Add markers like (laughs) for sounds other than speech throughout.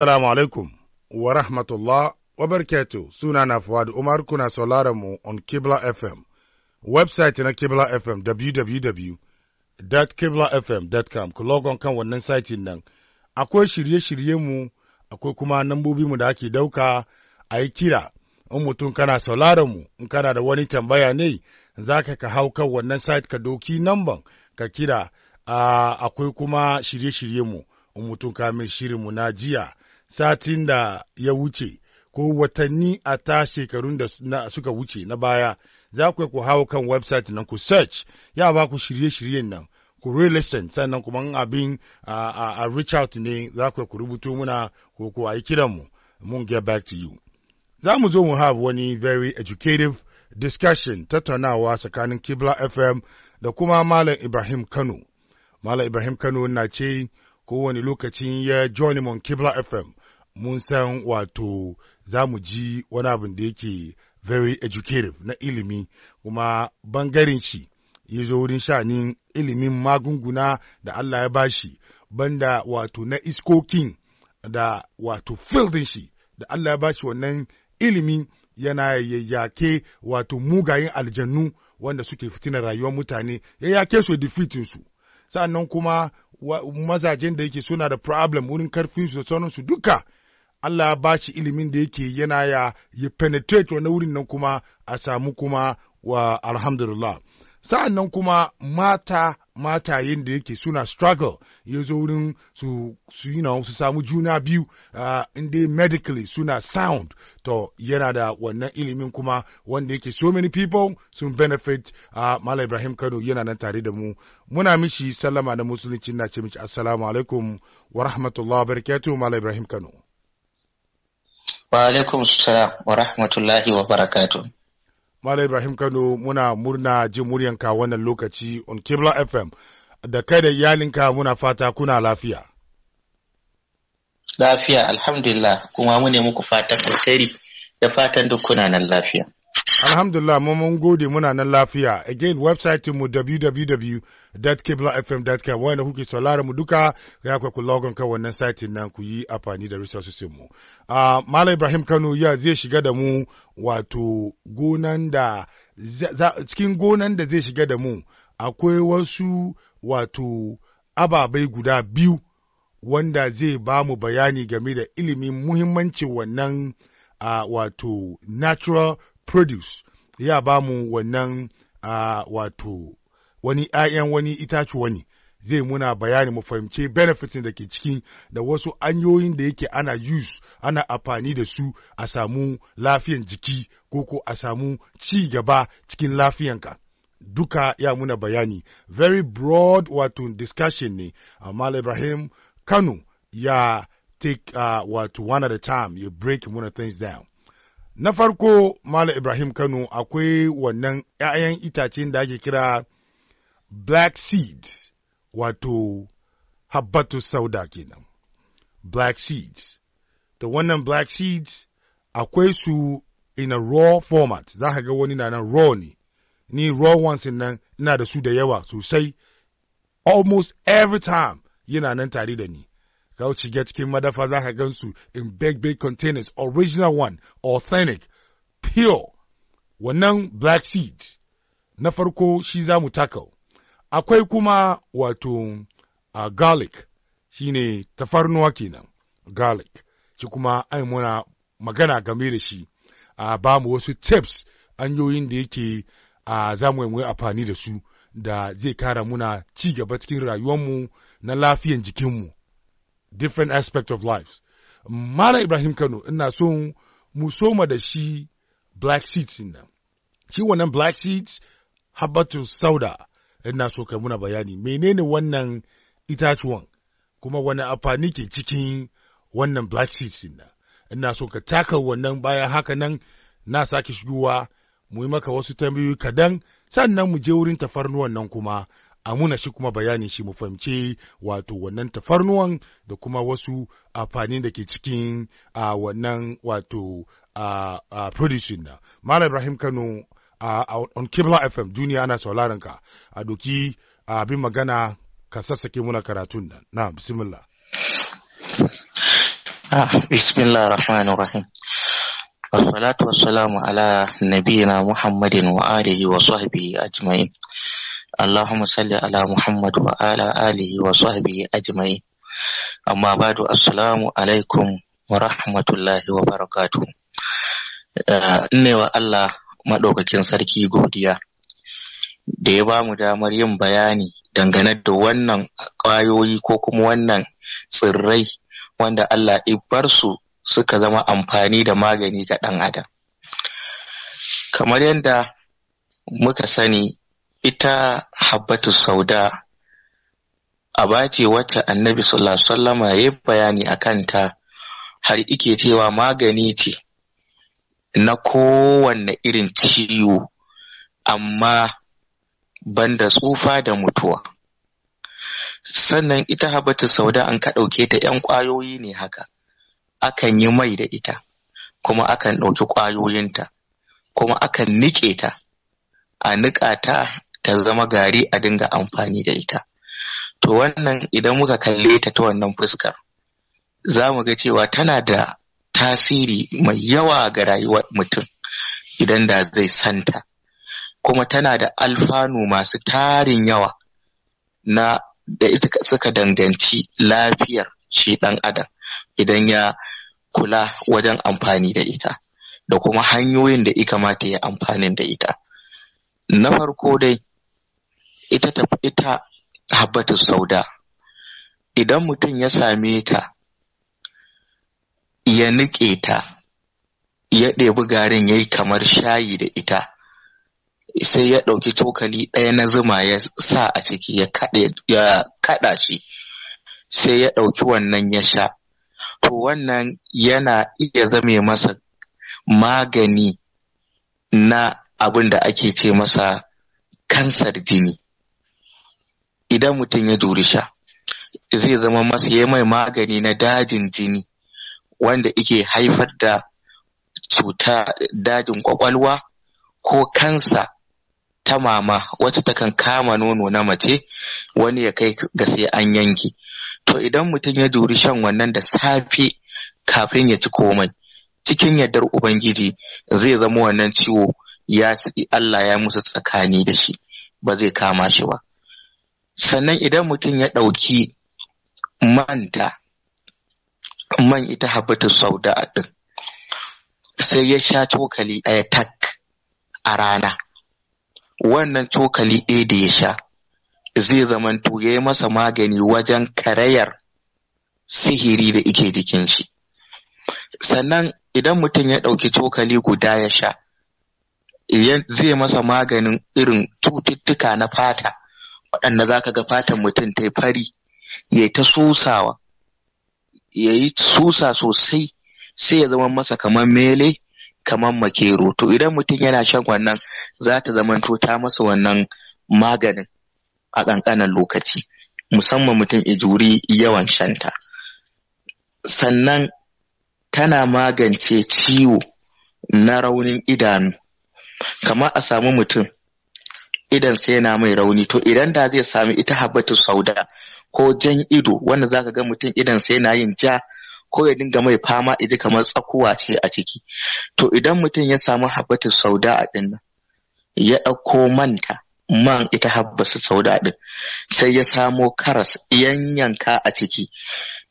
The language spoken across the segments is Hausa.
Assalamu alaikum wa rahmatullah wa barkatu suna na Fuad Umar kuna sauraron mu on Kibla FM. Website na Kibla FM www.kiblafm.com ku logon kan wannan saitin nan. Akwai shirye-shirye mu akwai kuma nambobi mu da ake dauka a yi kira in mutum kana sauraron mu in kana da wani tambaya ne za ka ka hau kan wannan site ka doki namban ka kira ah, akwai kuma shirye-shirye mu in mutum shirin mu na jiya satin da ya wuce ko watanni a ta shekarun da suka wuce na baya za ku ku hau kan website nan ku search ya ba ku shirye-shiryen nan ku re-listen sannan kuma abin a reach out ne za ku ku rubuto muna ko ku a yi mu mun get back to you za mu zo mu have wani very educative discussion tattaunawa tsakanin Kibla FM da kuma Malam Ibrahim Kano. Malam Ibrahim Kano na ce kowane lokacin ya join Mon Kibla FM mun san wato za mu ji wani abin da yake very educative na ilimi kuma bangaren shi ya zo wurin sha'anin ilimin magunguna da Allah ya bashi banda wato na iskokin da wato fildin shi da Allah ya bashi wannan ilimi yana yayyake wato mugayen aljannu wanda suke fitina rayuwar mutane yayyake yake su defeating su sa'annan kuma mazajen da yake suna da problem wurin karfin su da sauransu duka Allah ba shi ilimin da yake yana ya ya penetrate wani wurin nan kuma a samu kuma wa alhamdulillah sa'an nan kuma mata mata yin da yake suna struggle ya zo wurin su su samu juna biyu uh, inda medically suna sound to yana da wannan ilimin kuma wanda yake so many people sun benefit a Malam Ibrahim Kano yana nan tare da mu muna mishi salama na musulunci na ce mishi assalamu alaikum wa rahmatullahi wa barakatuh Malam Ibrahim Kano Wa alaikum salam wa rahmatullahi wa barakatu. Malam Ibrahim Kano muna murna jin muryanka wannan lokaci on Kibla FM da kai da iyalinka muna fata kuna lafiya. Lafiya alhamdulillah kuma mune muku fatan alkhairi da fatan duk kuna nan lafiya. Alhamdulillah mu mun gode muna nan lafiya. Again website mu www.kiblafm.com wanda kuke saurara mu duka ya kwa ku logon ka wannan site nan ku yi amfani da resources mu. Uh, Malam Ibrahim Kano ya zai shiga da mu wato gonan da cikin gonan da zai shiga da mu akwai wasu wato ababai guda biyu wanda zai ba mu bayani game da ilimin muhimmancin wannan uh, wato natural produce ya ba mu wannan wato wani 'ya'yan wani itacuwa ne zai muna bayani mu fahimce benefitin da ke cikin da wasu hanyoyin da yake ana use ana amfani da su a samu lafiyan jiki ko ko a samu ci gaba cikin lafiyanka duka ya muna bayani very broad wato discussion ne amma ibrahim kano ya take uh, wato one at a time you break muna things down Na farko Malam Ibrahim Kano akwai wannan ‘ya'yan itacen da ake kira Black Seed, wato habbatu sauda kenan. Black Seeds. Da wannan Black Seeds akwai su in a raw format, za ka ga wani na nan raw ne, ni raw ones nan ina da su da yawa sosai, almost every time yana nan tare da ni. ka shiga cikin madafa za ka gansu in big big containers original one authentic pure wannan black seed na farko shi za mu tackle akwai kuma wato uh, garlic shi ne tafarnuwa kenan garlic shi kuma ai muna magana game da shi a uh, ba mu wasu tips hanyoyin da yake uh, za mu yi amfani da su da zai kara muna ci gaba cikin mu na lafiyan mu. different aspect of lives. Malam Ibrahim Kano ina so mu soma da shi black seeds nan. Shi wannan black seeds habatus sauda ina so kai muna bayani menene wannan itatuwan kuma wani amfani ke cikin wannan black seeds nan. Ina so ka taka wannan bayan haka nan na sake shigowa mu yi maka wasu tambayoyi kadan sannan mu je wurin tafarnuwan nan kuma a muna shi kuma bayani shi mu fahimci wato wannan tafarnuwan da kuma wasu amfani da ke cikin a wannan wato a producing na malam ibrahim kano a on kibla fm duniya ana sauraron ka a doki abin magana ka sassake muna karatun nan na bismillah ah, bismillah rahmanir rahim والصلاة والسلام muhammadin نبينا محمد wa وصحبه أجمعين اللهم صل على محمد وعلى آله وصحبه أجمعين أما بعد السلام عليكم ورحمة الله wa rahmatullahi eh, wa Allah maɗaukakin sarki godiya da ya ba mu damar yin bayani dangane da wannan ƙwayoyi ko kuma wannan tsirrai wanda Allah bar su suka zama amfani da magani ga ɗan adam kamar yadda muka sani ita habbatu sauda a bace wacce annabi sallallahu sallama ya bayani a kanta har ike cewa magani ce na kowanne irin ciwo amma banda tsufa da mutuwa sannan ita habbatu sauda an ka ɗauke ta 'yan ƙwayoyi ne haka akan yi mai da ita kuma akan ɗauki ƙwayoyinta kuma akan niƙe ta a niƙa ta ta zama gari a dinga amfani da ita to wannan idan muka kalle ta ta wannan fuskar za mu ga cewa tana da tasiri mai yawa ga rayuwar mutum idan da zai santa kuma tana da alfanu masu tarin yawa na da ita suka danganci lafiyar shi ɗan adam idan ya kula wajen amfani da ita da kuma hanyoyin da ya kamata ya amfanin da ita na farko dai ita ta ita habbatu sauda idan mutum ya same ta ya niƙe ta ya ɗebi garin ya yi kamar shayi da ita sai ya ɗauki cokali ɗaya na zuma ya sa a ciki ya kaɗa shi sai ya ɗauki wannan ya sha to wannan yana iya zame masa magani na abin da ake ce masa kansar jini idan mutum ya duri sha zai zama masa ya mai magani na dajin jini wanda ike haifar da cuta dajin kwakwalwa ko kansa ta mama wacce ta kan kama nono na mace wani ya kai ga sai an yanke to idan mutum ya duri shan wannan da safe kafin ya ci komai cikin yardar ubangiji zai zama wannan ciwo ya Allah ya musu tsakani da shi ba zai kama shi ba sannan idan mutum ya ɗauki manta man ita habbatus sauda ɗin sai ya sha cokali ɗaya tak a rana wannan cokali ɗaya da ya sha zai zamanto ya yi masa magani wajen karayar sihiri da ike jikin shi sannan idan mutum ya ɗauki cokali guda ya sha zai masa maganin irin cututtuka na fata waɗanda za ka ga fatan mutum ta fari ya ta susawa ya yi susa sosai sai ya zama masa kamar mele kamar makero to idan mutum yana shan wannan za ta zamanto ta masa wannan maganin a ƙanƙanan lokaci musamman mutum ijuri yawan shanta sannan tana magance ciwo na raunin idanu kamar a samu mutum idan sai yana mai rauni to idan da zai sami ita habbatu sauda ko jan ido wanda za ka ga mutum idan sai yana yin ja ko ya dinga mai fama iji kamar tsakuwa ce a ciki to idan mutum ya samu habbatu sauda a din ya ɗauko manta man ita habbatu sauda din sai ya samo karas yanyanka a ciki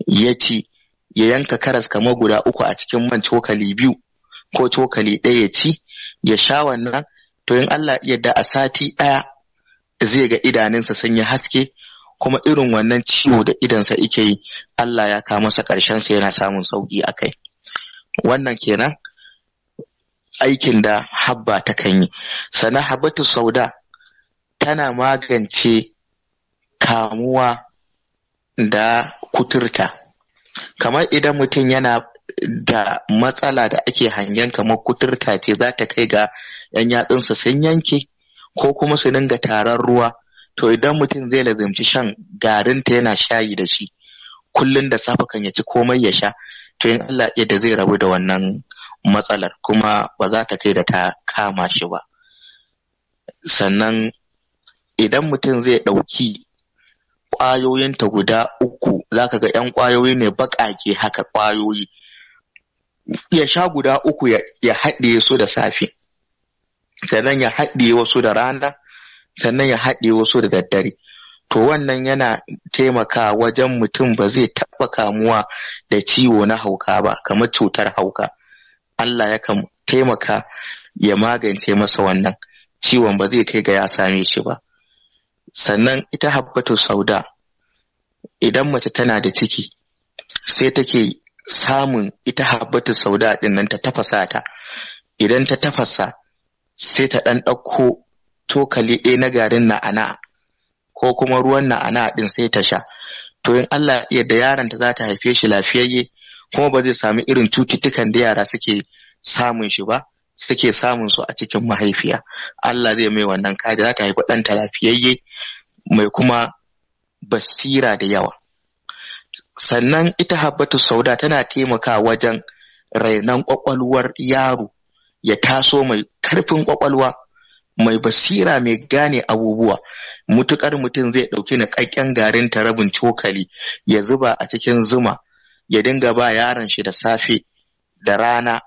ya ci ya yanka karas kamar guda uku a cikin man cokali biyu ko cokali ɗaya ya ci ya sha wannan to in Allah da a sati ɗaya zai ga idanunsa sun yi haske kuma irin wannan ciwo da idansa ike yi Allah ya kawo masa sa yana samun sauƙi a kai wannan kenan aikin da habba ta kan yi sannan habbatu sauda tana magance kamuwa da kuturta kamar idan mutum yana da matsala da ake hangen kamar kuturta ce za ta kai ga 'yan yatsunsa sun yanke ko kuma su dinga taron ruwa to idan mutum zai lazimci shan garinta yana shayi da shi kullum da safe kan ya ci komai ya sha to in Allah ya da zai rabu da wannan matsalar kuma ba za ta kai da ta kama shi ba sannan idan mutum zai ɗauki ƙwayoyinta guda uku za ka ga 'yan ƙwayoyi ne baƙaƙe haka ƙwayoyi ya sha guda uku ya haɗe su da safe sannan ya haɗe wasu da rana sannan ya haɗe wasu da daddare to wannan yana taimaka wajen mutum ba zai taɓa kamuwa da ciwo na hauka ba kamar cutar hauka Allah ya yakan taimaka ya magance masa wannan ciwon ba zai kai ga ya same shi ba sannan ita habbatu sauda idan mace tana da ciki sai take samun ita habbatu sauda din nan ta tafasa ta idan ta tafasa sai ta ɗan ɗauko cokali ɗaya na garin na'ana ko kuma ruwan na'ana ɗin sai ta sha to in Allah yadda yaron ta za ta haife shi lafiyayye kuma ba zai sami irin cututtukan da yara suke samun shi ba suke samun su a cikin mahaifiya Allah zai mai wannan kada za ta haifi ɗanta lafiyayye mai kuma basira da yawa sannan ita habbatu sauda tana taimaka wajen rainon kwakwalwar yaro ya taso mai karfin kwakwalwa mai basira mai gane abubuwa mutukar mutum zai ɗauki niƙaƙƙen garin ta rabin cokali ya zuba a cikin zuma ya dinga ba yaron shi da safe da rana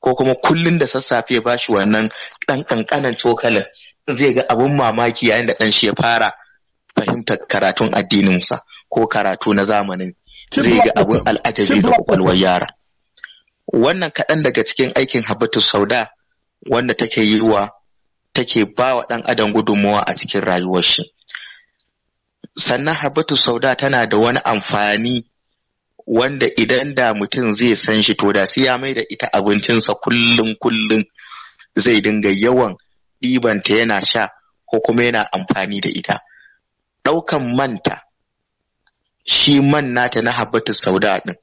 ko kuma kullum da sassafe ba shi wannan ɗan ƙanƙanan cokalin zai ga abin mamaki yayin da ɗan shi ya fara fahimtar karatun addininsa. ko karatu na zamanin zai ga abin al'ajabi ga kwakwalwar yara wannan kaɗan daga cikin aikin habatu sauda wanda take yi wa take ba wa ɗan adam gudunmuwa a cikin rayuwar shi sannan habatu sauda tana da wani amfani wanda idan da mutum zai san shi to da sai ya mai da ita abincinsa kullum kullum zai dinga yawan ɗibanta yana sha ko kuma yana amfani da ita ɗaukan manta shi man nata na habbatu sauda ɗin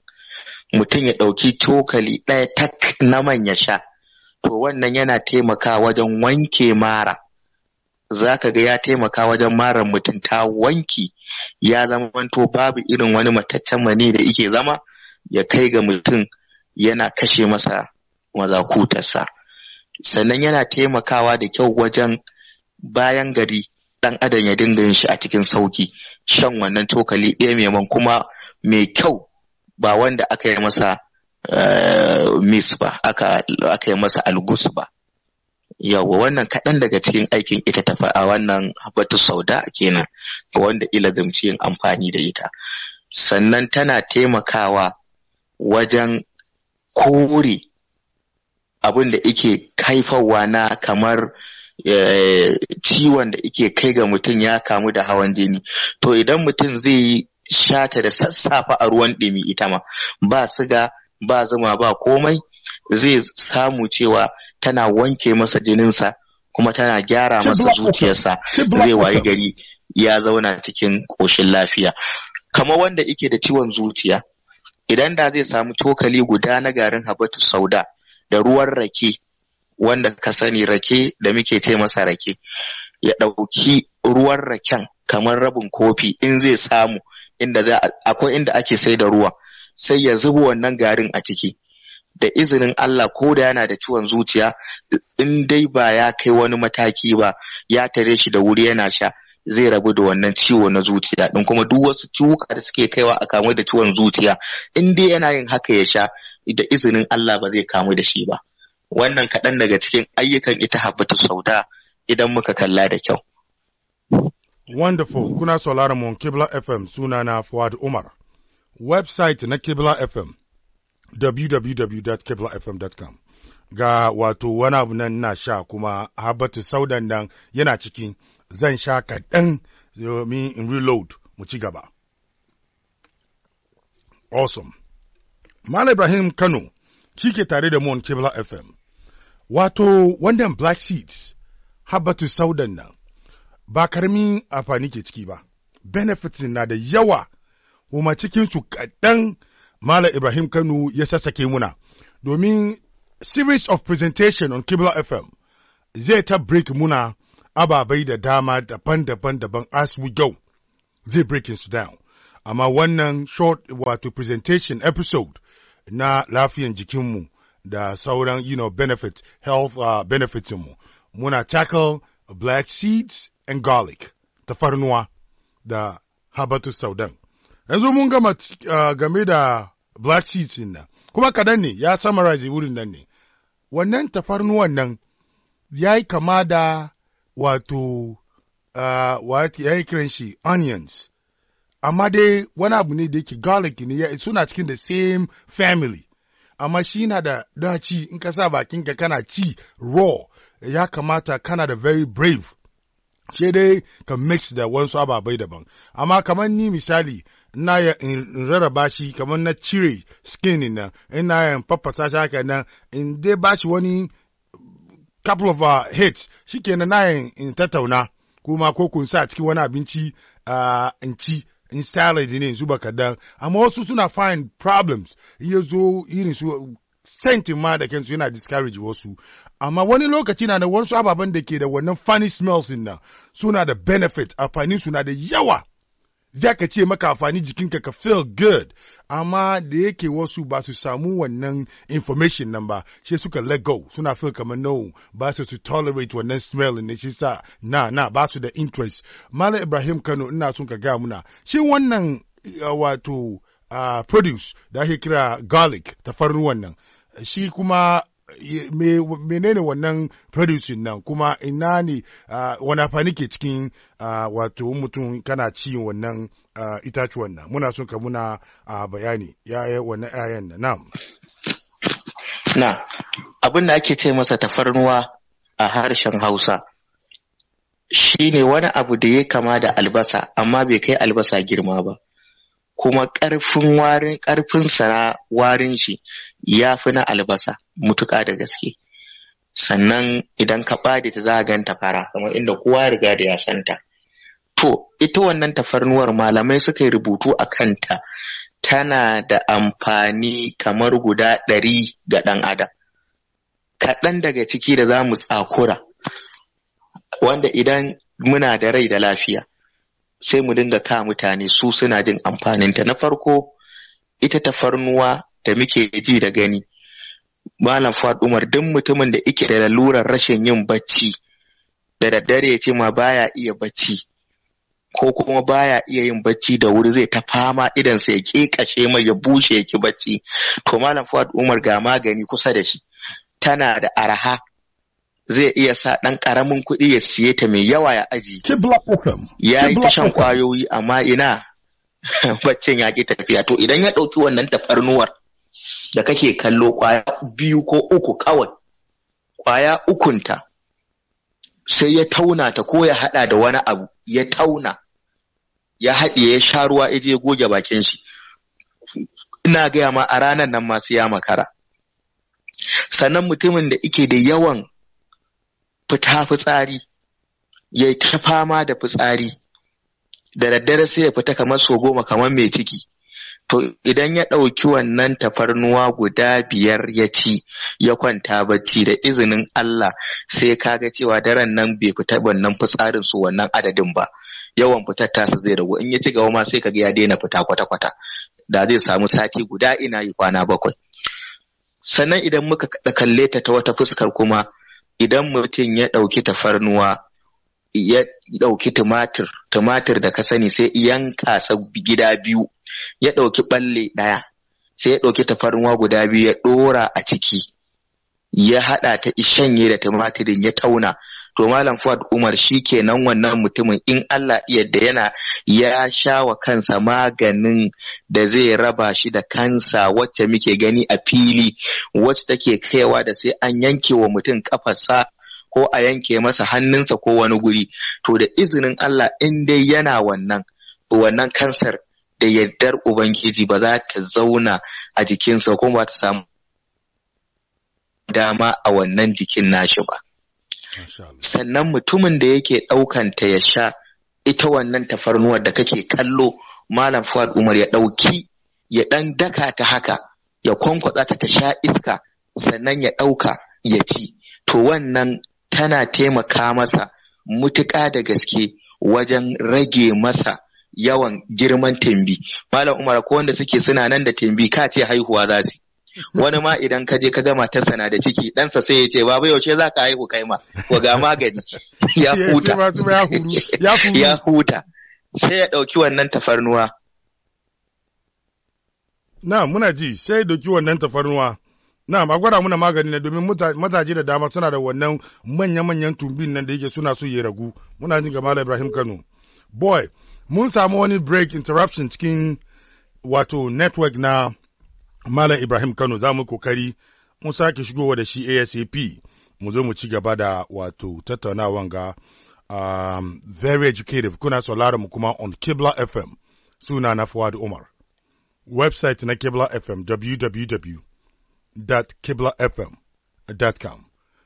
mutum ya ɗauki cokali ɗaya tak na man ya sha to wannan yana taimaka wajen wanke mara za ka ga ya taimaka wajen mara mutum ta wanki ya zama zamanto babu irin wani mataccen mani da ike zama ya kai ga mutum yana kashe masa mazakutarsa sannan yana taimakawa da kyau wajen bayan gari ɗan adam ya dinga yin shi a cikin sauki shan wannan cokali ɗaya mai man kuma mai kyau ba wanda aka yi masa eh, mis ba aka yi masa algus ba yawa wannan kaɗan daga cikin aikin ita ta a wannan habatu sauda kenan ga wanda ilazumci yin amfani da ita sannan tana taimakawa wajen kore abin da ike haifarwa na kamar Eh, ciwon da ike kai ga mutum ya kamu da hawan jini to idan mutum zai yi shata da sassafa a ruwan ɗumi ita ma ba siga ba zuma ba komai zai samu cewa tana wanke masa jininsa kuma tana gyara masa zuciyarsa zai wayi gari ya zauna cikin ƙoshin lafiya kamar wanda ike da ciwon zuciya idan da zai samu cokali guda na garin habatu sauda da ruwan rake wanda ka sani rake da muke ce masa rake ya ɗauki ruwan raken kamar rabin kofi in zai samu inda za akwai inda ake sai da ruwa sai ya zubo wannan garin a ciki da izinin Allah ko da yana da ciwon zuciya in dai ba ya kai wani mataki ba ya tare shi da wuri yana sha zai rabu da wannan ciwo na zuciya din kuma duk wasu ciwuka da suke kaiwa a kamu da ciwon zuciya in dai yana yin haka ya sha da izinin Allah ba zai kamu da shi ba wannan kaɗan daga cikin ayyukan ita habbatu sauda idan muka kalla da kyau. Wonderful, kuna sauraron mu Kibla FM sunana Fuad Umar. Website na Kibla FM www.kiblafm.com ga wato wani abu nan na sha kuma habbatu saudan nan yana cikin zan sha kaɗan domin in reload mu ci gaba. Awesome. Mal Ibrahim Kano, kike tare da mu on Kibla FM. Wato wannan Black seed Habatu Saudan nan, ba karmi amfani ke ciki ba, benefits na da yawa, kuma cikinsu kaɗan Malam Ibrahim Kano ya sassake muna, domin series of presentation on Kibla FM zai ta break muna ababai da dama daban-daban daban as we go, zai breaking su down. Amma wannan short wato presentation episode na lafiyan jikinmu da sauran you know benefits health uh, benefits mu muna tackle black seeds and garlic tafarnuwa da habatus saudan yanzu mun gama uh, game da black seeds nan kuma kadan ne ya summarize wurin nan ne wannan tafarnuwan nan ya yi kama da wato uh, ya yi kiran shi onions amma dai wani abu ne da yake garlic ne suna cikin the same family amma shi na da daci in ka sa bakinka kana ci raw ya kamata kana da very brave shi dai ka mix da wasu ababai daban amma kamar ni misali ina ya in rarraba shi kamar na cire skin nan ina ya faffasa shi haka nan in dai ba shi wani couple of uh, hits shikenan na in tattauna kuma ko kun sa cikin wani abinci uh, in ci in ne in zuba kadan amma wasu suna find problems in ya zo irin su sentin ma da kansu yana discourage wasu amma wani lokaci na da wasu ababen da ke da wannan funny smells din nan suna da benefit amfani suna da yawa za ka ce maka amfani jikinka ka feel good amma da yake wasu ba su samu wannan information nan ba shi suka let go suna feel kamar no ba su su tolerate wannan smell ne shi sa na na ba su da interest Malam Ibrahim Kano ina sun ka gaya muna shi wannan wato ah, produce da ake kira garlic tafarnuwan nan shi kuma menene wannan producing nan kuma ina ne wani amfani ke cikin wato mutum kana ci wannan itacuwan nan muna son ka muna bayani yaya wannan ayan nan na abin da ake ce masa tafarnuwa a harshen hausa Shi ne wani abu da ya kama da albasa amma bai kai albasa girma ba kuma ƙarfin warin ƙarfinsa na warin shi ya fi na albasa mutuƙa da gaske sannan idan ka ɓade ta za a ganta fara kamar inda kowa ya riga da ya santa to ita wannan tafarnuwar malamai suka yi rubutu a kanta tana da amfani kamar guda ɗari ga ɗan adam kaɗan daga ciki da za mu tsakura wanda idan muna da rai da lafiya sai mu dinga ka mutane su suna jin amfaninta na farko ita tafarnuwa da muke ji da gani malam umar duk mutumin da ike da lalurar rashin yin bacci da daddare ya ce ma baya iya bacci ko kuma baya iya yin bacci da wuri zai ta fama idan sai ya kashe mai ya bushe ya ki bacci to malam fad umar ga magani kusa da shi tana da araha zai iya sa ɗan ƙaramin kuɗi ya siye ta mai yawa ya aji. Ya yi ta shan kwayoyi amma ina (laughs) baccin ya ƙi tafiya. To idan ya ɗauki wannan tafarnuwar da kake kallo kwaya biyu ko uku kawai, kwaya ukunta sai ya tauna ta ko ya haɗa da wani abu ya tauna ya haɗe ya sha ruwa ya je goge bakin shi. Ina gaya ma a ranar nan masu ya makara. Sannan mutumin da ike da yawan fita fitsari ya ta fama da fitsari da daddare sai ya fita kamar so goma kamar mai ciki to idan ya ɗauki wannan tafarnuwa guda biyar ya ci ya kwanta bacci da izinin Allah sai ka ga cewa daren nan bai fita wannan fitsarin su wannan adadin ba yawan fitar tasa zai ragu in ya ci gaba ma sai kaga ya daina fita kwata-kwata da zai samu sati guda ina yi kwana bakwai sannan idan muka kalle ta ta wata fuskar kuma idan mutum ya ɗauki tafarnuwa ya ɗauki tumatir tumatir da ka sani sai yanka sa gida biyu ya ɗauki ɓalle ɗaya sai ya ɗauki tafarnuwa guda biyu ya ɗora a ciki ya haɗa ta ishanye da tumatirin ya tauna to malam Fuad Umar shi kenan wannan mutumin in Allah yadda yana ya sha wa kansa maganin da zai raba shi da kansa wacce muke gani a fili wacce take kaiwa da sai an yanke wa mutum kafarsa ko a yanke masa hannunsa ko wani guri to da izinin Allah in dai yana wannan wannan kansar da yardar Ubangiji ba za ta zauna a jikinsa kuma ba ta samu dama a wannan jikin nashi ba. sannan mutumin da yake ɗaukanta ya sha ita wannan tafarnuwar da kake kallo malam fuad umar ya ɗauki ya ɗan daka ta haka ya kwankwatsa ta ta sha iska sannan ya ɗauka ya ci to wannan tana taimaka masa mutuƙa da gaske wajen rage masa yawan girman tembi malam umar ko wanda suke suna nan da tembi ka ce haihuwa za su wani ma idan ka je ka gama ta sana da ciki ɗansa sai ya ce baba yaushe za ka haihu kai ma ko ga magani (laughs) ya huta (laughs) ya huta sai ya ɗauki wannan tafarnuwa na muna ji sai ya ɗauki wannan tafarnuwa na magwara muna magani ne domin mataje da dama suna da wannan manya-manyan tumbin nan da yake suna so ya ragu muna jin gamala ibrahim kano boy mun samu wani break interruption cikin wato network na Malam Ibrahim Kano za mu kokari mu sake shigowa da shi ASAP mu zo mu ci gaba da wato tattaunawan ga um, very educative kuna sauraron mu kuma on Kibla FM suna na Fuad Umar. Website na Kibla FM www.kiblafm.com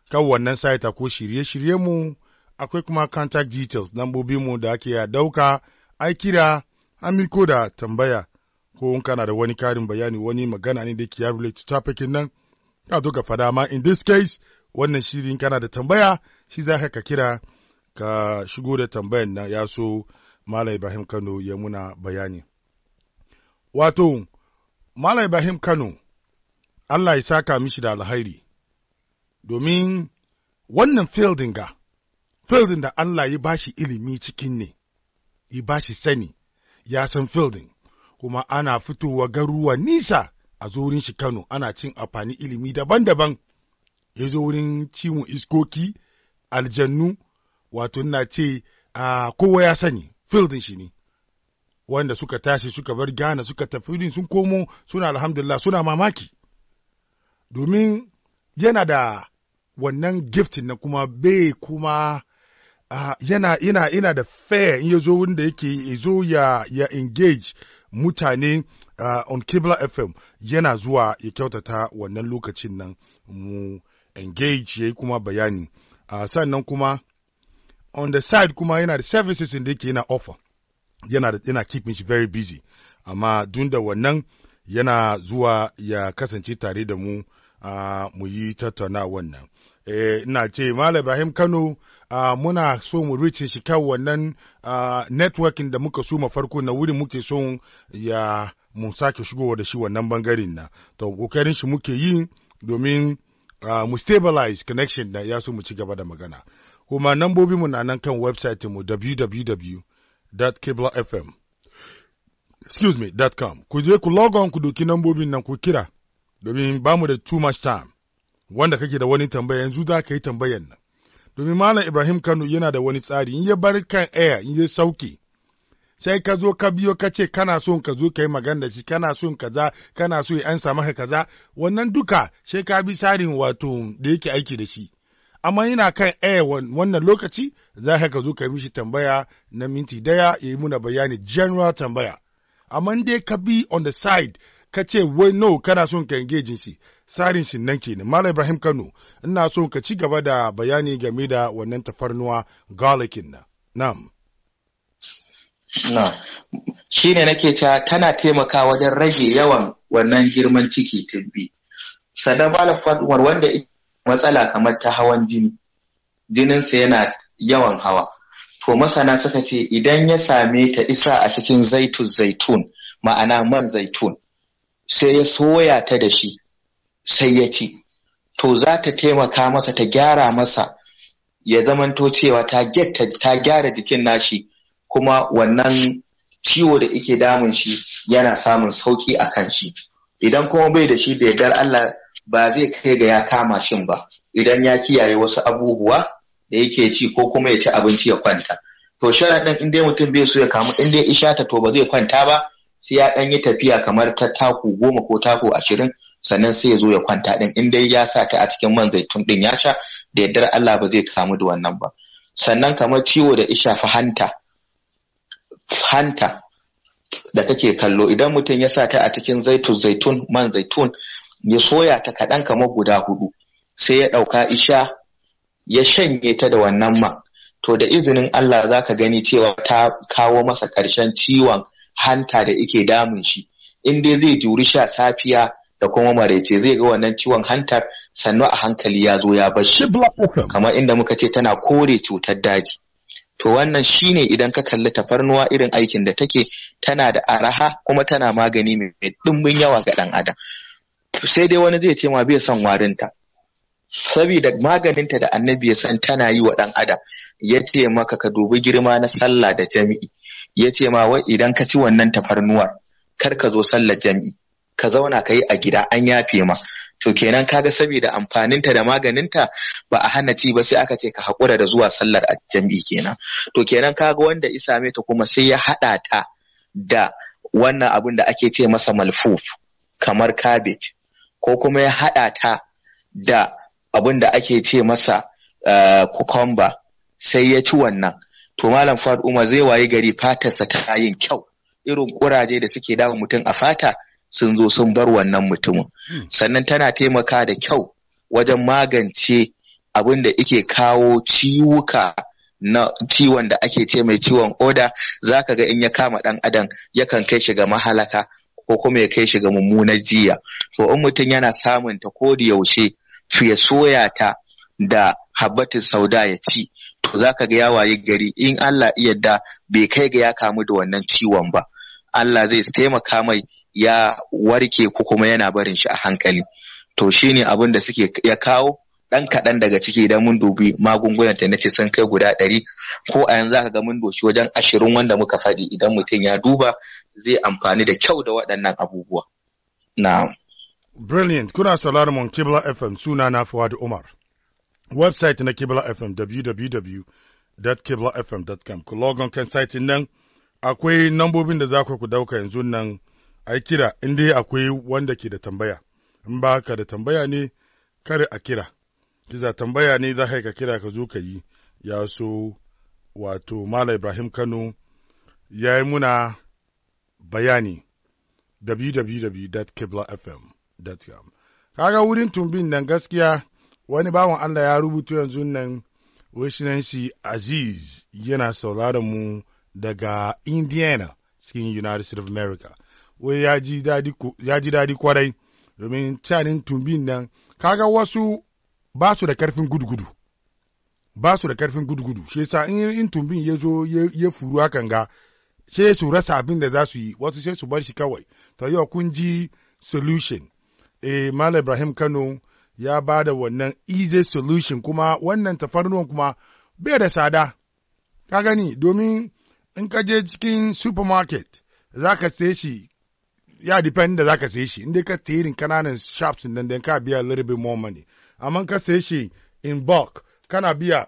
kan wannan site ko shirye-shirye mu akwai kuma contact details lambobin mu da ake ya dauka ai kira amiko da tambaya ko in kana da wani karin bayani wani magana ne da ke ya relate topic nan ka zo ka fada ma in this case wannan shirin kana da tambaya shi za ka kira ka shigo da tambayan nan ya so Malam Ibrahim Kano ya muna bayani. Wato, Malam Ibrahim Kano, Allah ya saka mishi da alhairi, domin wannan fieldin ga, fieldin da Allah ya bashi ilimi cikin ne, ya bashi sani, ya san fieldin. kuma ana fitowa garuruwa nisa a zo wurin shi Kano ana cin amfani ilimi daban-daban ya zo wurin cimu iskoki aljannu wato na ce a kowa ya sani fildin shi ne wanda suka tashi suka bar gana suka tafi sun komo suna alhamdulillah suna mamaki domin yana da wannan giftin na kuma bai kuma uh, yana, yana, yana da fair in ya zo wanda yake ya zo ya, ya engage mutane uh, on Kibla FM yana zuwa ya kyautata wannan lokacin nan mu engage ya kuma bayani. Uh, sannan kuma on the side kuma yana da services da yake yana offer yana yana keeping shi very busy amma dun da wannan yana zuwa ya kasance tare da mu uh, mu yi tattauna wannan Eh, ina ce Malam Ibrahim Kano uh, muna so mu rice shi kan wannan uh, networking da muka so mu farko na wurin muke so ya mu sake shigowa da shi wannan bangaren na to kokarin shi muke yi domin uh, mu stabilize connection da ya so mu ci gaba da magana kuma nambobi mu na nan kan website mu www.kiblafm excuse me .com ku je ku log on ku doki nambobin nan ku kira domin bamu da too much time wanda kake da wani tambaya yanzu za ka yi tambayan nan domin malam ibrahim kano yana da wani tsari in ya bar kan air in ya sauke sai ka zo ka biyo ka ce kana so ka zo ka yi magana da shi kana son kaza kana so an sa maka kaza wannan duka sai ka bi tsarin wato da yake aiki da shi amma yana kan air wannan lokaci za ka ka zo ka yi mishi tambaya na minti daya ya yi muna bayani general tambaya amma dai ka bi on the side ka ce wai no kana so ka engage shi tsarin shin nan ke malam ibrahim kano ina so ka ci gaba da bayani game da wannan tafarnuwa galakin na Nam. shi ne nake cewa tana taimaka wajen rage yawan wannan girman ciki tumbi sadar malam umar wanda matsala kamar ta hawan jini jininsa yana yawan hawa to masana suka ce idan ya same ta isa a cikin zaitun zaitun ma'ana man zaitun sai ya soya ta da shi sai ya ci to za ta taimaka masa ta gyara masa ya zamanto cewa ta gyara jikin nashi kuma wannan ciwo da ike damun shi yana samun sauki a kan shi idan kuma bai da shi da yardar Allah ba zai kai ga ya kama shin ba idan ya kiyaye wasu abubuwa da yake ci ko kuma ya ci abinci ya kwanta to sharaɗin in dai mutum bai so ya kamu inda ya isha ta to ba zai kwanta ba sai ya ɗan yi tafiya kamar ta taku goma ko taku ashirin sannan sai ya zo ya kwanta din in dai ya sa ta a cikin man zaitun din ya sha da yaddar Allah ba zai kamu da wannan ba sannan kamar ciwo da isha fa hanta hanta da kake kallo idan mutum ya sa ta a cikin zaitun zaitun man zaitun ya soya ta kaɗan kamar guda hudu sai ya ɗauka isha ya shanye ta da wannan man to da izinin Allah za ka gani cewa ta kawo masa ƙarshen ciwon hanta da ike damun shi in dai zai juri sha safiya da kuma maraice zai ga wannan ciwon hantar sannu a hankali ya zo ya bar shi kamar inda muka ce tana kore cutar daji to wannan shine idan ka kalli tafarnuwa irin aikin da take tana da araha kuma tana magani mai dimbin yawa ga ɗan adam sai dai wani zai ce ma bai son warinta saboda maganinta da annabi ya san tana yi wa ɗan adam ya ce maka ka dubi girma na sallah da jami'i ya ce ma wa idan ka ci wannan tafarnuwar kar ka zo sallar jami'i ka zauna ka yi a gida an yafe ma to kenan kaga saboda amfaninta da maganinta ba a hana ci ba sai aka ce ka haƙura da zuwa sallar a jam'i kenan to kenan kaga wanda isa ta kuma sai ya haɗa ta da wannan abin da ake ce masa malfuf kamar cabbage ko kuma ya haɗa ta da abin da ake ce masa eh, cucumber sai ya ci wannan to malam fad Umar zai wayi gari fatarsa ta yin kyau irin kuraje da suke dawo mutum a fata sun zo sun bar wannan mutumin hmm. sannan tana taimaka da kyau wajen magance abin da ike kawo ciwuka na ciwon da ake ce mai ciwon oda za ka ga in ya kama ɗan adam yakan kai shi ga mahalaka ko kuma ya kai shi ga mummunar jiya to in mutum yana samun ta ko da yaushe ya soya ta da habbatin sauda ya ci to za ka ga ya gari in Allah iya da bai kai ga ya kamu da wannan ciwon ba Allah zai taimaka mai ya warke ko kuma yana barin shi a hankali to shi ne abin da suke ya kawo ɗan kaɗan daga ciki idan mun dubi magungunan ta nace sun kai guda ɗari ko a yanzu ka ga mun doshi wajen ashirin wanda muka faɗi idan mutum ya duba zai amfani da kyau da waɗannan abubuwa na brilliant kuna sauraron mun kibla fm suna na fawad umar website na kibla fm www.kiblafm.com ku logon kan site nan akwai nambobin da za ku dauka yanzu nan a kira in dai akwai wanda ke da tambaya in ba ka da tambaya ne kar a kira kiza tambaya ne za ka kira ka zo ka yi ya so wato mala Ibrahim Kano ya yi muna bayani www.kiblafm.com kaga wurin tumbin nan gaskiya wani bawan Allah ya rubuta yanzu nan shi Aziz yana sauraron mu daga Indiana cikin United States of America wai ya ji daɗi kwarai domin canin tumbin nan kaga wasu ba su da karfin gudugudu ba su da karfin gudugudu shi yasa in tumbin ya zo ya furu hakan ga sai su rasa abin da za su yi wasu sai su bar shi kawai ta yau kun ji solution eh malam ibrahim kano ya ba da wannan easy solution kuma wannan tafarnuwan kuma bai da tsada ka gani domin in ka je cikin supermarket za ka sai shi ya depend da zaka sai shi inda ka tirin kananan shops din dan ka biya a little bit more money amma ka sai shi in bulk kana biya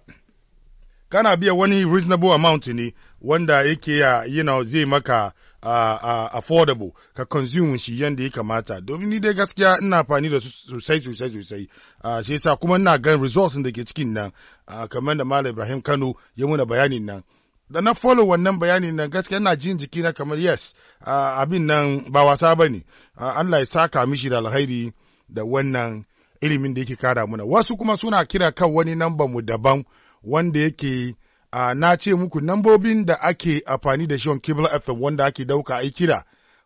kana biya wani reasonable amount ne wanda yake ya uh, you know, zai maka uh, uh, affordable ka consume shi yanda ya kamata domin ni dai gaskiya ina amfani da sosai sosai sosai uh, shi yasa kuma ina gan results da ke cikin nan uh, kamar da malam Ibrahim Kano ya muna bayanin nan da na follow wannan bayani na gaskiya na jin jiki na kamar yes abin nan ba wasa ba ne uh, Allah ya saka mishi da alhairi da wannan ilimin da yake kara muna wasu kuma suna kira kan wani namba mu daban wanda yake uh, na ce muku nambobin da ake amfani da shi cable Kibla FM wanda ake dauka a kira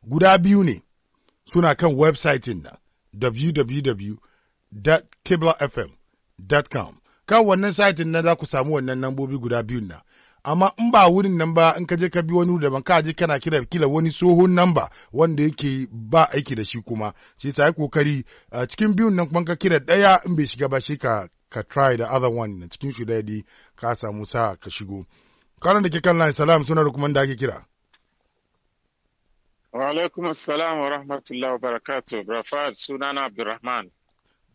guda biyu ne suna kan website na www.kiblafm.com kan wannan site na za ku samu wannan nambobi guda biyun na amma in ba wurin nan ba in ka je ka bi wani daban ka je kana kira kila wani tsohon namba wanda yake ba aiki da shi kuma sai ta yi kokari cikin biyun nan kuma ka kira daya in bai shiga ba shi ka ka try the other one na cikin shi daidai ka samu sa ka shigo kana da ke kan lai salam suna da kuma da ake kira wa alaikum assalam wa rahmatullahi wa barakatuh brafad sunana abdurrahman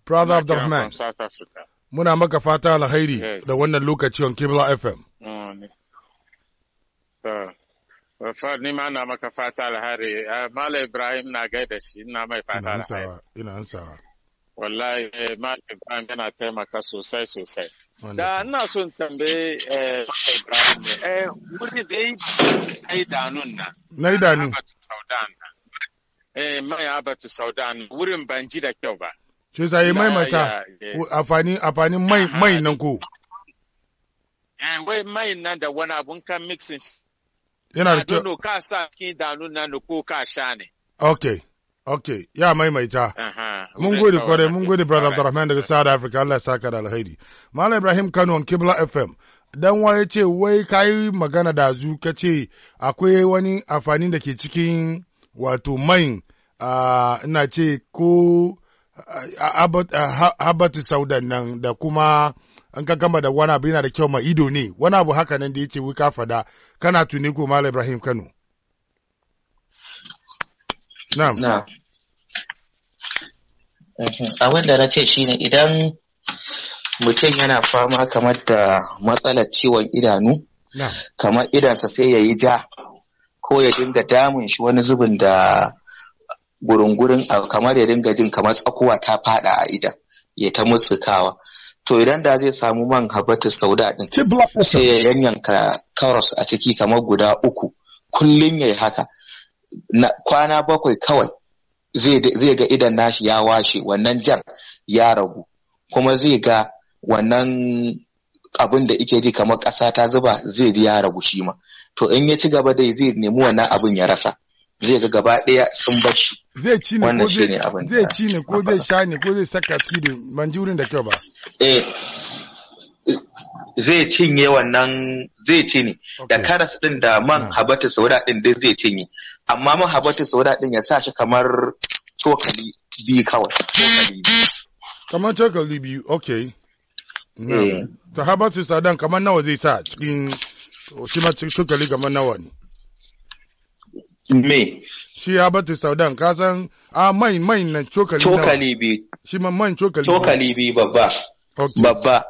brother abdurrahman south africa Muna maka fata alhairi yes. da wannan lokaci on Kibla FM. ni ma na maka fata alhari eh, Malam Ibrahim na gaida shi ina mai fata alhari. Ina ansawa. Wallahi eh, Malam Ibrahim yana taimaka sosai sosai. Da ina in tambaye eh, Malam Ibrahim ne. Eh wuri dai yi danun nan. Na danu. Eh mai Abatu Saudan wurin ban ji da kyau ba. Shi sai yi maimaita amfanin mai mai nan ko. Eh, wai mai nan da wani abun kan mixing. Yana da kyau. ka sa kin danu nan ko ka sha ne. Okay. Okay, ya maimaita. Mun gode kware, mun gode Brother Abdurrahman daga South Africa, Allah saka da alheri. Malam Ibrahim Kano on Kibla FM. Dan waye ce wai kayi magana da zu ka ce akwai wani amfani da ke cikin wato mai ah, ina ce ko habatu saudan nan da kuma an ka gama da wani abu yana da kyau ma ido ne wani abu haka nan da ya ce wuka fada kana tuni ko mala ibrahim kano na mhm. abin da na ce shine idan mutum yana fama kamar da matsalar ciwon idanu kamar idansa sai ya yi ja ko ya dinga damun shi wani zubin da gurungurin kamar ya dinga jin kamar tsakuwa ta fada a idan ya ta mutsukawa to idan da zai samu man habatu da din sai ya yanyanka karos a ciki kamar guda uku kullum ya haka kwana bakwai kawai zai ga idan nashi ya washe wannan jan ya ragu kuma zai ga wannan abin da ike ji kamar ƙasa ta zuba zai ji ya ragu shi ma to in ya ci gaba dai zai nemi wannan abin ya rasa zai ga gaba ɗaya sun bashi zai ci ne ko zai zai ci ne ko zai sha ne ko zai saka ciki da manjurin da kyau ba eh zai cinye wannan zai ci ne da karas din da man ah. habata sauda din dai zai cinye amma man habata sauda din ya sa shi kamar cokali biyu kawai kamar cokali biyu okay na eh. ta habata sauda kamar nawa zai sa cikin shi ma cokali kamar nawa ne me shi ya bata saudan ka san a mai mai na cokali cokali bi shi ma man cokali cokali bi babba okay. babba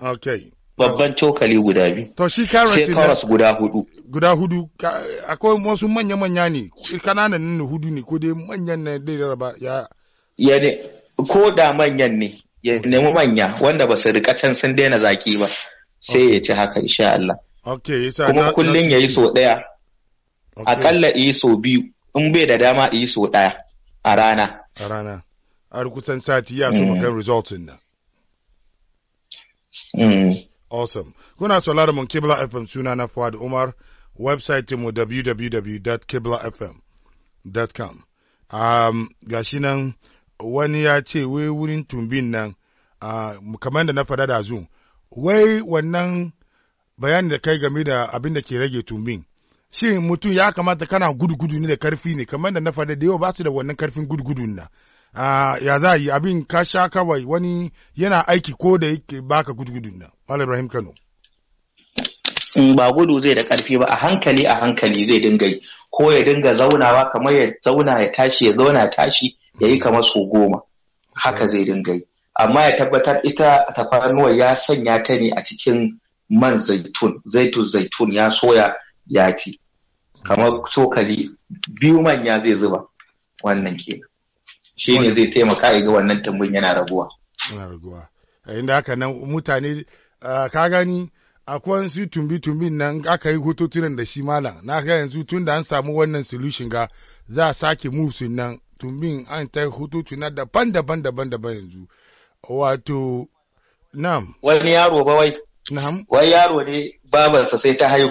okay babban cokali guda bi to shi carrot sai karas guda hudu guda hudu akwai wasu manya manya ne kananan ne hudu ne ko dai manyan ne dai raba ya ya ne ko da manyan ne ya nemi manya wanda ba su rika can sun daina zaki ba sai ya ci haka insha Allah okay yasa kuma kullun yayi so daya akalla yi so biyu in bai da dama yi so ɗaya a rana a rana A kusan sati ya zo makan mm. resultin nan mm. awesome kuna sauraron mun kibla fm suna na Fuad Umar website mu www.kiblafm.com um, gashi nan wani ya ce wai wurin tumbin nan uh, kamar da na faɗa da zu wai wannan bayani da kai game da abin da ke rage tumbin shin mutum ya kamata kana gudu-gudu ne da karfi ne kamar da na faɗa da yau ba su da wannan karfin gudu-gudu na ah, ya za yi abin ka sha kawai wani yana aiki ko da yake baka gudu-gudu na Malam Ibrahim Kano ba gudu zai da karfi ba a hankali a hankali zai dinga yi ko ya dinga zaunawa kamar ya zauna ya tashi ya zauna ya tashi ya yi kamar su goma haka zai dinga yi amma ya tabbatar ita tafarnuwa ya sanya ta ne a cikin man zaitun zaitun zaitun ya soya ya ci, kamar cokali biyu manya zai zuba wannan ke shi ne zai taimaka ga wannan tambun yana raguwa yana raguwa inda haka nan mutane ka gani akwai su tumbi-tumbin nan aka yi hototunan da shi malam na ga yanzu tun da an samu wannan solution ga za a sake musu nan tumbin an ta tunan daban-daban daban-daban yanzu wato nam wani yaro ba wai nam wai yaro ne babansa sai ta haihu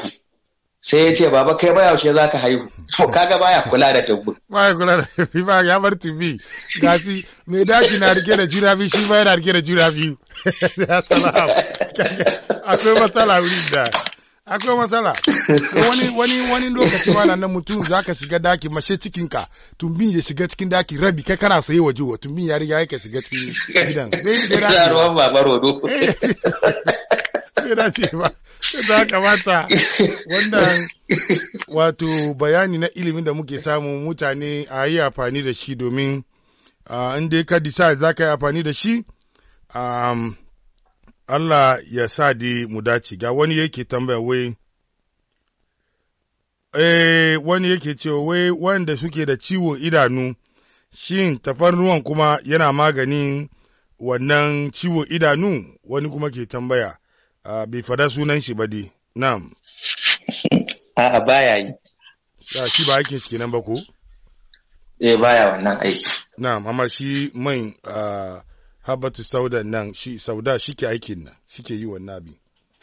sai ya ce baba kai baya yaushe za ka haihu to (laughs) kaga baya kula da tabbu baya kula da tabbi ba ya bar tabbi shi mai daji na rike da juna biyu shi baya yana rike da juna biyu (laughs) ya salam akwai matsala wuri da akwai matsala wani wani wani lokaci ma nan mutum za ka shiga daki mashe cikinka tumbi ya shiga cikin daki rabi kai kana saye waje wa ya riga ya ka shiga cikin gidan zai shiga daki ruwan baba rodo (laughs) na ce ba da mata wannan wato bayani na ilimin da muke samu mutane a yi amfani da shi domin in dai ka decide za ka yi amfani da shi Allah ya sa di mu dace ga wani yake tambaya wai eh wani yake cewa wai wanda suke da ciwo idanu shin ruwan kuma yana maganin wannan ciwo idanu wani kuma ke tambaya bai fada sunan shi ba nam a a baya yi ya shi ba aikin shi nan ba ko eh baya wannan aiki nam amma shi mai habatu sauda nan shi sauda ke aikin nan shi ke yi wannan abin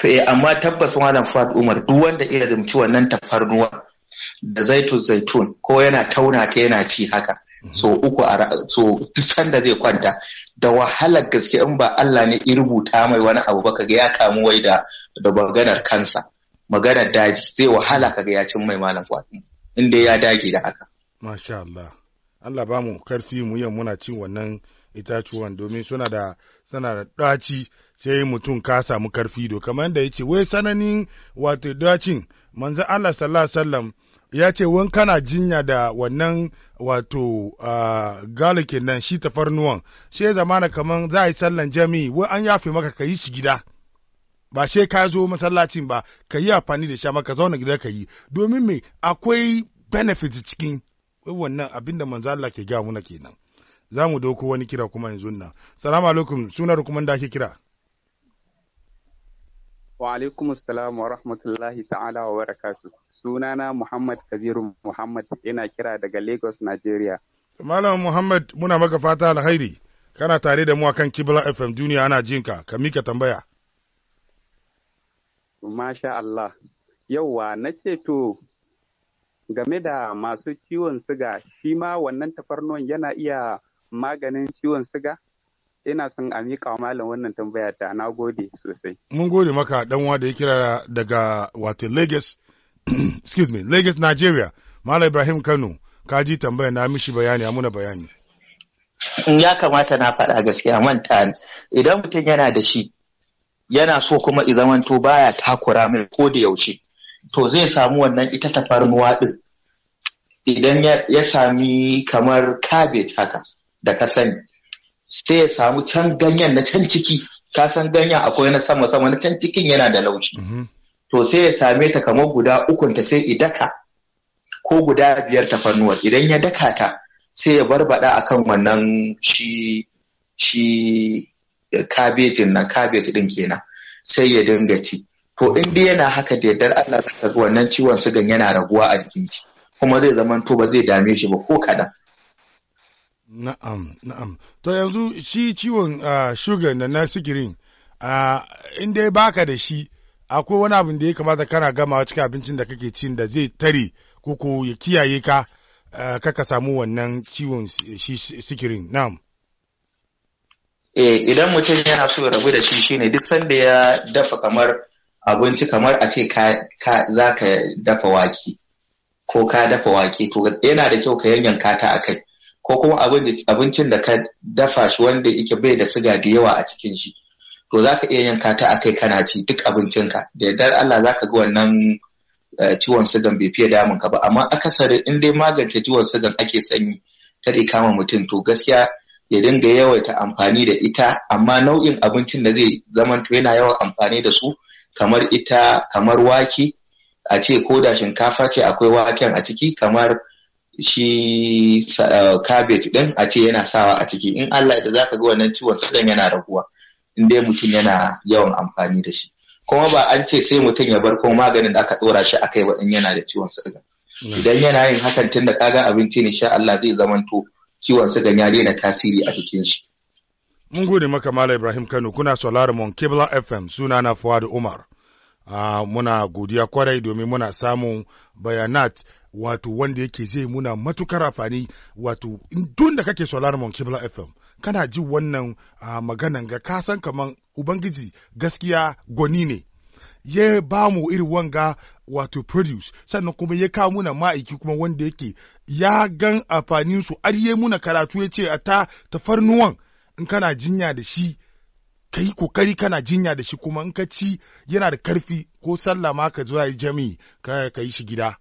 eh amma tabbas malam Fuad Umar duk wanda ya zumci wannan tafarnuwa da zaitun zaitun ko yana tauna ta yana ci haka Mm-hmm. so uku a so duk sanda zai kwanta da wahalar gaske in ba Allah ne ya rubuta mai wani abu ba kaga ya kamu wai da da maganar kansa maganar daji zai wahala kaga ya cin mai malam kwafi inda ya dage da haka masha Allah Allah ba mu karfi mu yan muna cin wannan itatuwan domin suna da suna da daci sai mutum ka samu karfi do kamar yadda yace wai sananin wato dacin manzo Allah sallallahu alaihi wasallam ya ce wani kana jinya da wannan wato uh, galikin nan shi tafarnuwan shi zamana kaman za a yi sallan jami'i wai an yafe maka ka yi shi gida ba shi ka zo masallacin ba ka yi amfani da sha maka zauna gida ka yi domin me akwai benefit cikin wannan abin da manzo Allah ke ga muna kenan za mu dauko wani kira kuma yanzu nan salamu alaikum sunar kuma da ake kira wa alaikum assalam wa rahmatullahi ta'ala wa barakatuh Sunana Muhammad Kaziru Muhammad yana kira daga Lagos, Nigeria. Malam Muhammad muna maka fata alhairi. Kana tare da mu akan Kibla FM Duniya ana jinka, ka mika tambaya. Masha Allah. Yauwa na ce to game da masu ciwon siga shi ma wannan tafarnuwan yana iya maganin ciwon siga? Ina son a miƙa malam wannan tambaya ta na gode sosai. Mun gode maka ɗanwa da ya kira daga wato Lagos (clears throat) excuse me Lagos Nigeria Malam Ibrahim Kano ka ji tambaya na mishi bayani amuna bayani ya kamata na faɗa gaskiya manta idan mutum yana da shi yana so kuma i izamanto baya takura mai ko da yaushe to zai samu wannan ita tafarnuwa din idan ya sami kamar kabej haka da ka sani sai ya samu can ganyen na can ciki ka san ganyen akwai na sama sama na can cikin yana da laushi mm-hmm. to sai ya same ta kamar guda ukun ta sai i daka ko guda biyar tafarnuwar idan ya daka ta sai ya barbada akan wannan shi shi eh, kabejin nan kabeji din kenan sai ya dinga ci to in dai yana haka da yardar Allah ka ga wannan ciwon sugan yana raguwa a jikin shi kuma zai zaman to ba zai dame shi ba ko kada na'am na'am to yanzu shi ciwon uh, sugar da na sikirin uh, ah, in dai baka da shi akwai wani abin da ya kamata kana gama cikin abincin da kake cin da zai tare ko ko ya kiyaye ka eh, kaka samu wannan ciwon sikirin nam eh idan mutum yana so rabu da shi shine duk sanda ya dafa kamar abinci kamar a ce ka za ka dafa wake ko ka dafa wake to yana da kyau ka yanyanka ta a kai ko kuma abincin da ka dafa shi wanda yake bai da siga da yawa a cikin shi to za ka iya yanka ta a kai kana ci duk abincinka da yardar Allah za ka ga wannan eh, ciwon sugan bai fiye damun ka ba amma akasarin in dai magance ciwon sugan ake sanyi kada kama mutum to gaskiya ya dinga yawaita amfani da ita amma nau'in abincin da zai zama to yana yawan amfani da su kamar ita kamar wake a ce ko da shinkafa ce akwai waken a ciki kamar shi kabej eh, din a ce yana sawa a ciki in Allah da zaka ga wannan ciwon sugan yana raguwa in dai mutum yana yawan amfani da shi kuma ba an ce sai mutum ya bar kuma maganin da aka tsora shi akai ba in yana da ciwon suga hmm. idan yana yin hakan tunda kaga abinci ne sha Allah zai zamanto ciwon suga ya daina tasiri a jikin shi mun gode maka Malam Ibrahim Kano kuna sauraron mon Kibla FM sunana Fuad Umar Uh, muna godiya kwarai domin muna samun bayanat wato wanda yake zai muna matukar amfani wato tun da kake sauraron Kibla FM kana jin wannan maganan ga kasan san kaman ubangiji gaskiya gwani ne ya ba mu irin wanga wato produce sannan kuma ya kawo muna ma'aiki kuma wanda yake ya gan amfanin su har muna karatu ya ce a ta tafarnuwan in kana jinya da shi ka yi kokari kana jinya da shi kuma in ka ci yana da karfi ko sallama ka zuwa yi jami ka yi shi gida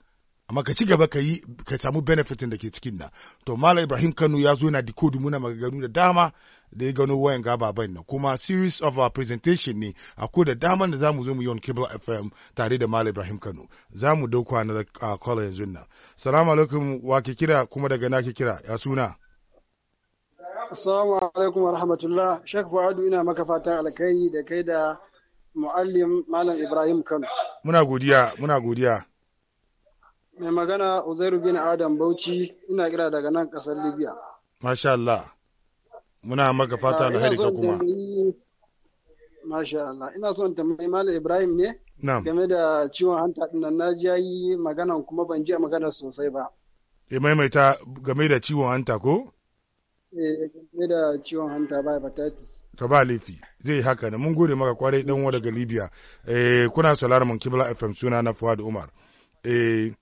amma ka ci gaba ka yi ka samu benefitin da ke cikin na to mala ibrahim kano ya zo yana decode muna maganganu da dama da ya gano wayan bai nan kuma series of our presentation ne akwai da dama da zamu zo mu yi cable fm tare da mala ibrahim kano za mu dauka na uh, kwallo yanzu nan salamu alaikum wa ke kira kuma daga na ke kira ya suna Assalamu alaikum wa rahmatullah. Sheikh Fuadu ina maka fatan alkhairi da kai da muallim Malam Ibrahim Kano. Muna godiya, muna godiya. Mai magana Uzairu bin Adam Bauchi ina kira daga nan kasar Libya. Masha Allah. Muna maka fata alheri ka kuma. Masha Allah. Ina son tambayi Malam Ibrahim ne? Game da ciwon hanta ɗin nan naji yi magana kuma ban ji magana sosai ba. E maimaita game da ciwon hanta ko? Eh game da ciwon hanta ba hepatitis. Ka ba laifi. Zai haka ne. Mun gode maka kwarai dan wa daga Libya. Eh kuna sauraron mun Kibla FM suna na Fuad Umar. Eh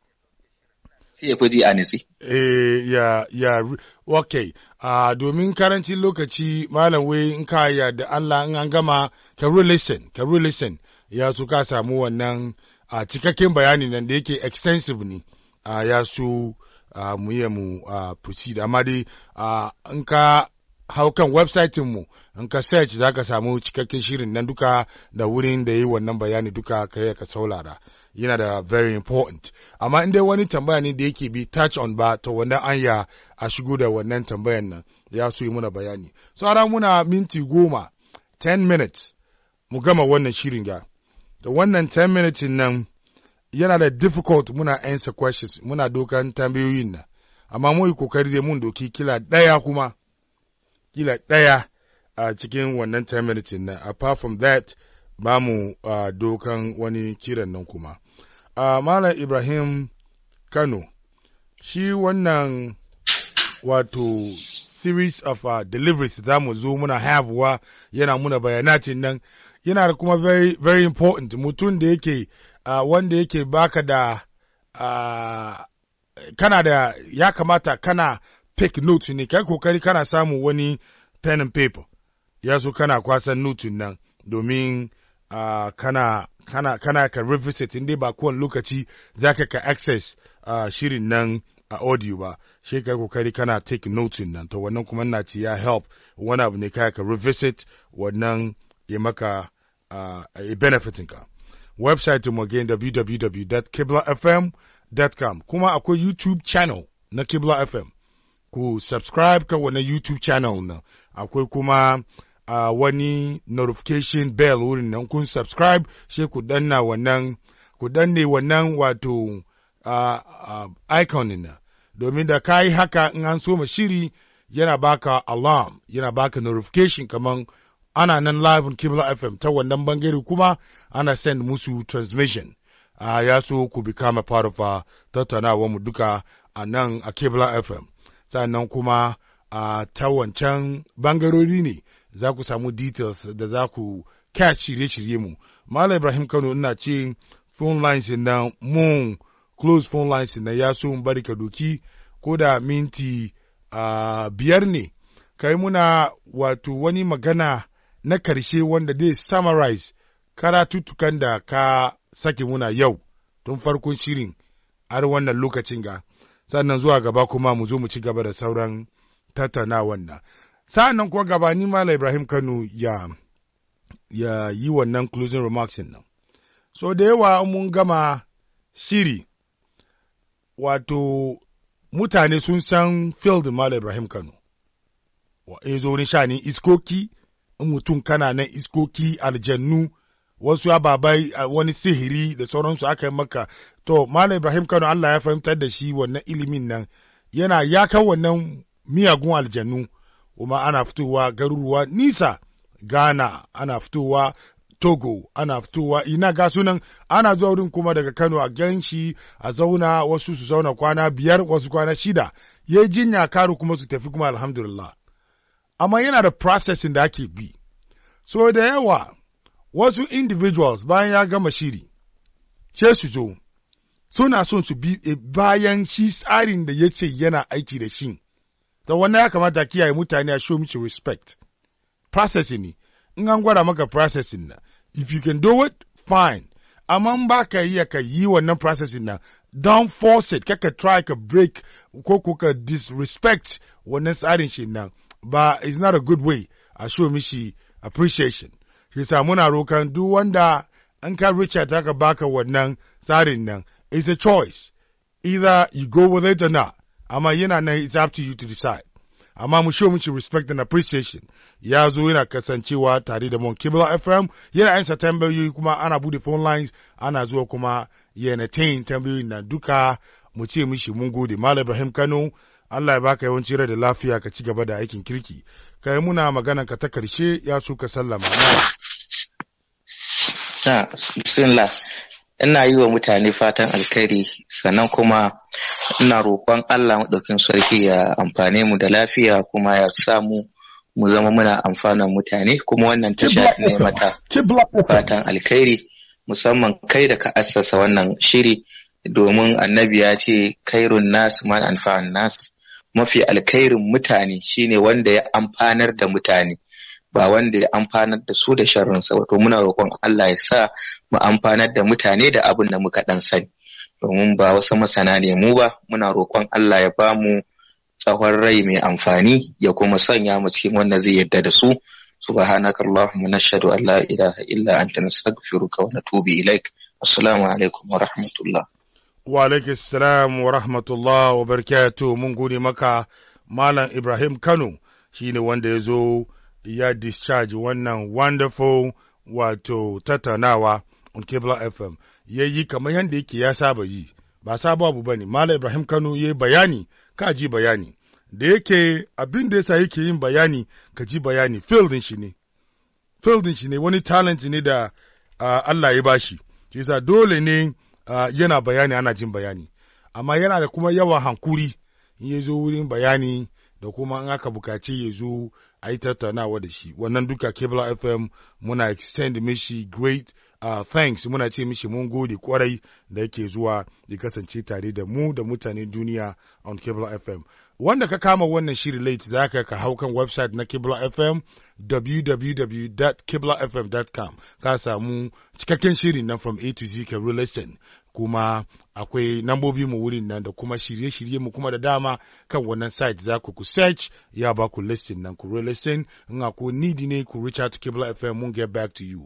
sai ya a Eh, ya, ya, ok. Uh, domin karancin lokaci malam wai in ka yarda Allah in an gama, ka listen, ka listen, ya su ka samu wannan a cikakken bayani nan da yake extensive ne, uh, ya su uh, mu yi mu uh, proceed. Amma dai uh, in ka hau kan website mu in ka search za ka samu cikakken shirin nan duka da wurin da yi wannan bayani duka ka ka saurara. yana da very important amma in dai wani tambaya ne da yake bi touch on ba to wannan anya a shigo da wannan tambayan nan ya so yi muna bayani so ara muna minti goma 10 minutes mu gama wannan shirin ga da wannan 10 minutes nan yana da difficult muna answer questions muna dokan tambayoyin nan amma mu yi kokari dai mun doki kila daya kuma kila daya a cikin wannan 10 minutes nan apart from that ba mu uh, dokan wani kiran nan kuma. Uh, Malam Ibrahim Kano, shi wannan wato series of uh, deliveries za mu zo muna haifuwa yana muna bayanacin nan yana da kuma very, very important mutum da yake uh, wanda yake baka da uh, kana da ya kamata kana fake note ne kai kokari kana samu wani pen and paper ya so kana kwasan notin nan domin uh, kana kana kana ka revisit in ba kowane lokaci za ka access uh, shirin nan a audio ba shi ka kokari kana take notin nan to wannan kuma na ci ya help wani abu ne ka ka revisit wannan ya maka uh, a benefitin ka website mu again www.kiblafm.com kuma akwai YouTube channel na Kibla FM ku subscribe ka wannan YouTube channel na akwai kuma uh, wani notification bell wurin nan kun subscribe sai ku danna wannan ku danne wannan wato uh, uh, icon na domin da ka yi haka in an soma shiri yana baka alarm yana baka notification kaman ana nan live on Kibla FM ta wannan bangare kuma ana send musu transmission uh, ya so ku become part of uh, tattaunawar mu duka a nan a Kibla FM sannan kuma uh, ta wancan bangarori ne za ku samu details da za ku catch shirye-shirye mu. Malam Ibrahim Kano ina ce phone lines na mu close phone lines na ya so bari ka doki ko da minti uh, biyar ne. Kai muna wato wani magana na karshe wanda dai summarize karatutukan da ka sake muna yau tun farkon shirin har wannan lokacin ga sannan zuwa gaba kuma mu zo mu ci gaba da sauran tattaunawan nan. sa'an nan kuwa gabani Malam Ibrahim Kano ya ya yi wannan closing remarks nan. So da yawa mun gama shiri, wato mutane sun san field Malam Ibrahim Kano, wa in zo shani iskoki, in mutum kana nan iskoki aljannu, wasu ababai wani sihiri da sauransu aka yi maka, to Malam Ibrahim Kano Allah ya fahimtar da shi wannan ilimin nan, yana ya kan wannan miyagun aljannu. kuma ana fitowa garuruwa nisa ghana ana fitowa togo ana fitowa ina ga sunan ana zuwa wurin kuma daga kano a ganshi a zauna wasu su zauna kwana biyar wasu kwana shida ya jinya karu kuma su tafi kuma alhamdulillah amma yana da processing da ake bi so da yawa wasu individuals bayan ya gama shiri ce su zo suna son su bi eh, bayan shi tsarin da ya ce yana aiki da shi to wannan ya kamata kiyaye mutane a show mishi respect processing ne in an gwada maka processing na if you can do it fine amma ba ka iya ka yi wannan processing na don force it kaka try ka break ko ko ka disrespect wannan tsarin shi nan ba is not a good way a show mishi appreciation shi sa muna rokan duk wanda an ka Richard ta ka baka wannan tsarin nan is a choice either you go with it or not amma yana nan it's up to you to decide amma mu show mushi respect and appreciation ya zo yana kasancewa tare da mon kibla fm yana september tambayoyi kuma ana bude phone lines ana zuwa kuma ya entertain tambayoyin na duka mu ce mishi mun gode malam ibrahim kano allah ya baka yawanci rai da lafiya ka ci gaba da aikin kirki kai muna magana ka ta karshe ya so ka sallama bismillah ina yi wa mutane fatan alkhairi sannan kuma ina roƙon Allah maɗaukin sarki ya amfane mu da lafiya kuma ya samu mu zama muna amfanan mutane kuma wannan tasha ne mata fatan alkhairi musamman kai da ka assasa wannan shiri domin annabi ya ce kairun nas man anfa'an nas mafi alkhairin mutane shine wanda ya amfanar da mutane ba wanda ya amfanar da su da sharrinsa wato muna roƙon Allah ya sa mu amfanar da mutane da abin da muka dan sani domin ba wasu masana ne mu ba muna roƙon Allah ya ba mu rai mai amfani ya kuma sanya mu cikin wanda zai yadda da su subhanaka allahumma Allah an la ilaha illa anta nastaghfiruka wa natubu ilaik assalamu alaikum wa rahmatullah wa alaikum wa rahmatullah wa barakatuh mun gode maka malam ibrahim kano shine wanda ya zo ya discharge wannan wonderful wato tattaunawa on Kebla FM ya yi kamar yadda yake ya saba yi ba sabo abu bane Malam Ibrahim Kano ya bayani ka ji bayani da yake abin da yasa yake yin bayani ka ji bayani fieldin shi ne fieldin shi ne wani talent ne da uh, Allah ya bashi shi yasa dole ne uh, yana bayani ana jin bayani amma yana da kuma yawa hankuri in ya zo wurin bayani da kuma in aka bukaci ya zo a yi tattaunawa da shi wannan duka Kebla FM muna extend mishi great uh, thanks muna ce mishi mun gode kwarai da yake zuwa ya kasance tare da mu da mutane duniya on Cable FM. Wanda ka kama wannan shiri late za ka ka hau kan website na Cable FM www.cablefm.com ka samu cikakken shirin nan from A to Z ka listen kuma akwai nambobi mu wurin nan da kuma shirye-shirye mu kuma da dama kan wannan site za ku ku search ya ba ku listing nan ku re in ako need ne ku reach out to Cable FM mun get back to you.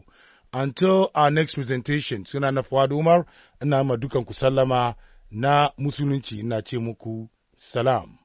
Until our next presentation, suna na Fuad Umar, ina ma dukanku sallama na Musulunci, ina ce muku salam.